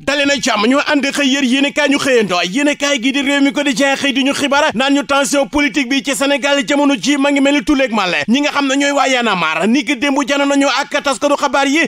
dale na jàmm ñu ànd xëy yër yéenekaay ñu xëyandoo yéenekaay gi di réew mi ko ngi mel ni tuleeg nga xam ne ñooy waa Y'en a marre nañu ak taskatu xabaar yi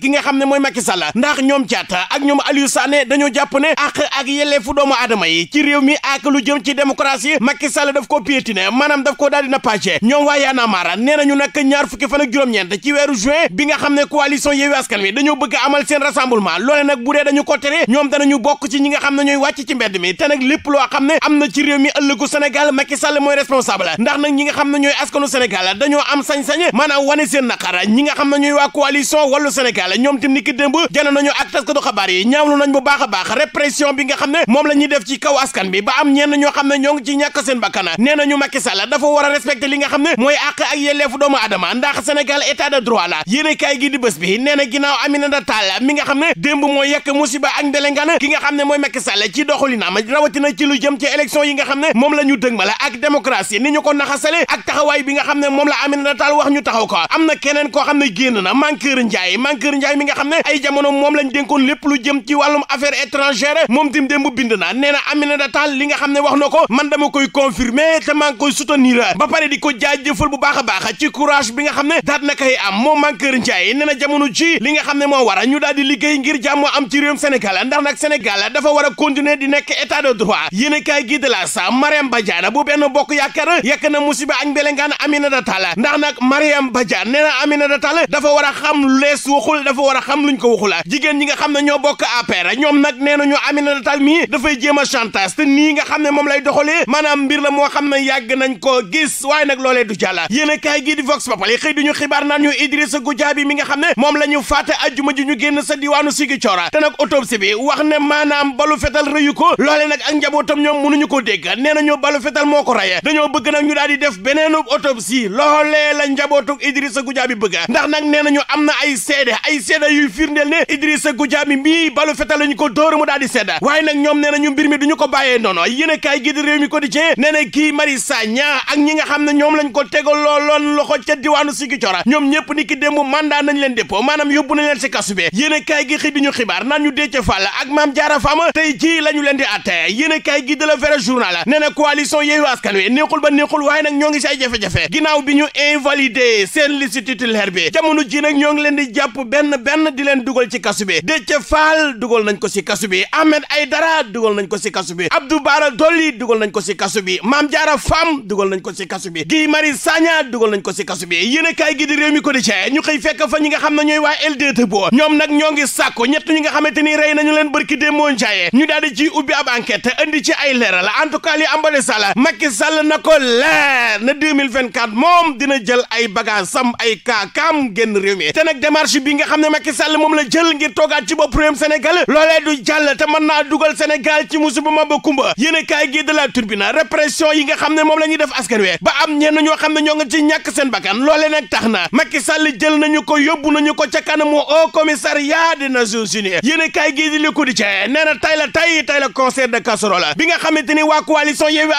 ki nga xam ne mooy Macky Sall ndax ñoom jaata ak ñoom Aliou Sané dañoo jàpp ne àq ak yelleefu doomu aadama yi ci réew mi ak lu jëm ci démocratie Macky Sall daf ko piétiné maanaam daf ko daal di nappaaje ñoom waa Y'en a marre nee nañu nag ñaar fukki fan ak juróom-ñeent ci weeru juin bi nga xam ne coalition Yewwi Askan Wi dañoo bëgg amal seen seen rassemblement loole nag bu dee dañu ko tere ñoom ñu bokk ci ñi nga xam ne ñu wàcc ci mbedd mi te nag lépp loo xam ne am na ci réew mi ëllëgu Sénégal Macky Sall mooy responsable ndax nag ñi nga xam na ñooy askanu Sénégal dañoo am sañ-sañ maanaam wane seen naqara ñi nga xam ñu ñooy waa coalition Wallu Sénégal ñoom tim ni ki démb jano nañu ak taskatu xabaar yi ñaawlu nañ bu baax a baax répression bi nga xam ne moom la ñuy def ci kaw askan bi ba am ñenn ñoo xam ne ñoo ngi ci ñàkk seen bakkan nee nañu Macky Sall dafa war a li nga xam ne mooy àq ak yelleefu adama ndax Sénégal état de droit la yéene kaay gi di bi nee na ginnaaw Aminata mi nga xam ne démb moo yekk musiba ak ndelengana ki nga xam ne mooy Macky Sall ci doxalinam rawatina ci jëm ci élection yi nga xam ne moom la ñu dëgmale ak démocratie ni ñu naxasale ak taxawaay bi nga xam ne moom la Aminata Tall wax ñu taxaw ko am na keneen koo xam ne génn na Mankeur Ndiaye Mankeur Ndiaye mi nga xam ne ay jamono moom lañ dénkoon lépp lu jëm li nga xam ne wax na ko man dama koy bu baax a ne na koy am li nga xam ne moo daal di liggéey ngir jàmm am ci réewum Sénégal ndax nag Sénégal dafa war a continuer di nekk état de droit yéen a kaay gi de la sa Mariam Badiane bu benn bokk yaakaar yekk na musiba ak mbelengaan Aminata Tall ndax nag Mariam Badiane nee na Aminata dafa war a xam lees waxul dafa war a xam luñ ko waxula jigéen ñi nga xam ne ñoo bokk APR ñoom nag nee na ñu Aminata mii dafay jéem a chantage te nii nga xam ne moom lay doxalee maanaam mbir la moo xam ne yàgg nañ ko gis waaye a génn sa diwaanu ko loole nag ak njabootam ñoom mënuñu ñu ko dóor mu daal na kii Mari Sagna ak ñi nga xam ne ñoom lañ ko tegaloo loon loxo ca diwaanu Ziguinchor ñoom ñëpp ni ki démb mandat nañ leen dépôt maanaam yóbbu nañ leen ci kasu bi yéen a kaay gi xëy di ñu xibaar naan ñu Déthié Fall ak Mame Diarra Fam tey ji la ñu leen di atte yéen gi de la vrai journal nee na coalition Yewwi Askan Wi neexul ba neexul waaye nag ñoo ngi si ay jafe-jafe ginnaaw bi ñu invalidé seen liste titulaire bi jamono ji nag ñoo ngi leen di jàpp benn benn di leen dugal ci kasu bi Déthié Fall dugal nañ ko si bi Ahmed Aïdara dugal nañ ko si kasu bi Abdou Bara Dolly dugal nañ ko si kasu bi Mame Diarra Fam dugal nañ ko si kasu bi Guy Marius Sagna dugal ko si kasu bi yéen a kaay gi di réew ñoo ngi sàkku ñett ñi nga xamante ni rey nañu leen bërki dee moo njaaye ñu daal di ci ubbi ab enquête indi ci ay leeral en tout cas li na ko leer na 2024 moom dina jël ay bagage ay kaakaam génn réew mi te nag démarche bi nga xam ne Macky Sall moom la jël ngir toogaat ci bopp réewum Sénégal loolee du jàll te mën naa dugal Sénégal ci musiba ma ba kumba yéen a kaay gi de la turbine répression yi nga xam ne moom la ñuy def askan wi ba am ñenn ñoo xam ne ñoo ngi ci ñàkk seen bakkan loolee nag tax na Macky Sall jël nañu ko yóbbu nañu ko ca kanamu au milliards des Nations Unies yéen a kaay gii di de bi nga xamante ni waa coalition Yewwi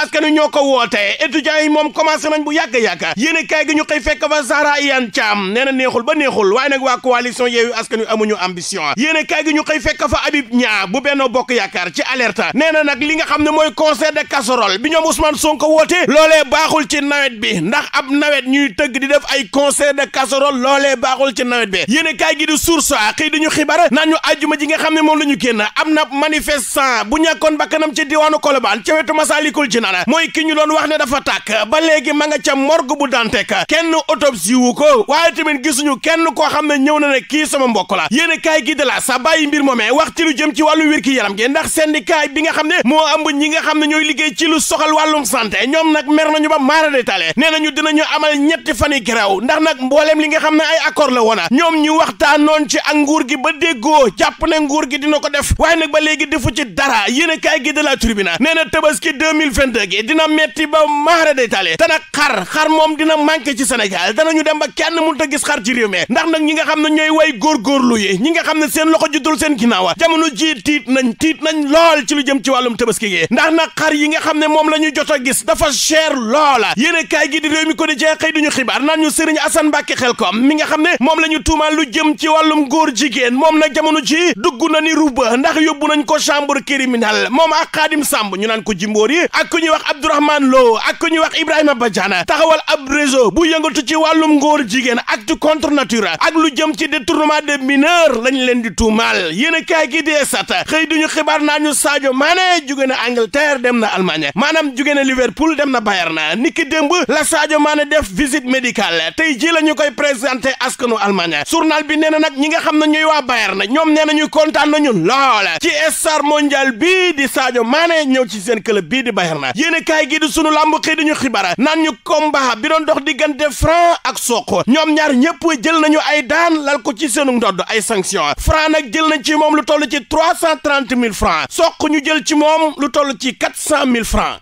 ko woote étudiants yi nañ bu yàgg-yàgg yéen a kaay gi ñu xëy fekk fa Zahra Iyane Thiam nee na neexul ba neexul waaye nag waa coalition Yewwi Askan Wi amuñu ambition yéen a kaay gi ñu xëy fekk fa Habib Niang bu nee na nag li nga xam ne mooy concert de casserole bi ñoom Ousmane Sonko woote loolee baaxul ci nawet bi ndax ab nawet ñuy tëgg di def ay concert de casserole loolee baaxul ci nawet bi yéen a kaay ñu xibaar naan ñu àjjuma ji nga xam ne moom la ñu génn am na manifestant bu ñàkkoon bakkanam ci diwaanu Colobane ca wetu Masaalikul Jinaan mooy ki ñu doon wax ne dafa tàkk ba léegi ma nga ca morgue bu Dantec kenn autopsie wu ko waaye tamit gisuñu kenn ko xam ne ñëw na ne kii sama mbokk la yéen kaay gi de la sa bàyyi mbir moomee wax ci lu jëm ci wàllu wér ki yaram gi ndax syndicat bi nga xam ne moo ëmb ñi nga xam ne ñooy liggéey ci lu soxal wàllum santé ñoom nag mer nañu ba maara de tale nee nañu dinañu amal ñetti fan yi grève ndax nag mbooleem li nga xam ne ay accord la woon ñoom ñu waxtaanoon ci ak nguur gi ba déggoo jàpp ne nguur gi dina ko def waaye nag ba léegi defu ci dara yéen a kaay gi de la tribunal nee na tabaski 2022 gi dina metti ba maara day tale te nag xar xar moom dina manqué ci Sénégal danañu dem ba kenn mënut a gis xar ci réew mi ndax nag ñi nga xam ne ñooy way góorgóorlu yi ñi nga xam ne seen loxo juddul seen ginnaawa jamono ji tiit nañ tiit nañ lool ci lu jëm ci wàllum tabaski gi ndax nag xar yi nga xam ne moom la ñu jot a gis dafa cher loola yéen a kaay gi di réew mi ko di jeex xëy duñu xibaar naan ñu Serigne Assane Mbacke xel koom mi nga xam ne moom la ñu tuumaal lu jëm ci wàllum góor jigéen jigéen moom nag jamono ji dugg na ni ruba ndax yóbbu nañ ko chambre criminelle moom a Xaadim Samb ñu naan ko Jimbóor yi ak ku ñuy wax Abdourahmane Lo ak ku ñuy wax Ibrahima Badiane taxawal ab réseau bu yëngatu ci wàllum ngoor jigéen acte contre nature ak lu jëm ci de détournement de mineur lañ leen di tuumaal yéen a kaay gi dee sat xëy duñu xibaar naa ñu Sadio Mané jóge na Angleterre dem na Allemagne maanaam jugéen na Liverpool dem na Bayern niki démb la Sadio Mané def visite la ñu koy présenté askanu Allemagne journal bi nee na nag ñi nga xam ne ñuy waa Bayern na ñoom nee nañu kontaan nañu lool ci star mondial bii di Sadio Mané ñëw ci seen club bii di Bayern na yéen a kaay gi di sunu làmb xëy ñu xibaar naan ñu combat bi doon dox diggante Franc ak Sokh ñoom ñaar ñëpp jël nañu ay daan lal ko ci seenu ndodd ay sanction Franc nag jël nañ ci moom lu toll ci trois cent trente mille francs Sokh ñu jël ci moom lu toll ci quatre cent mille francs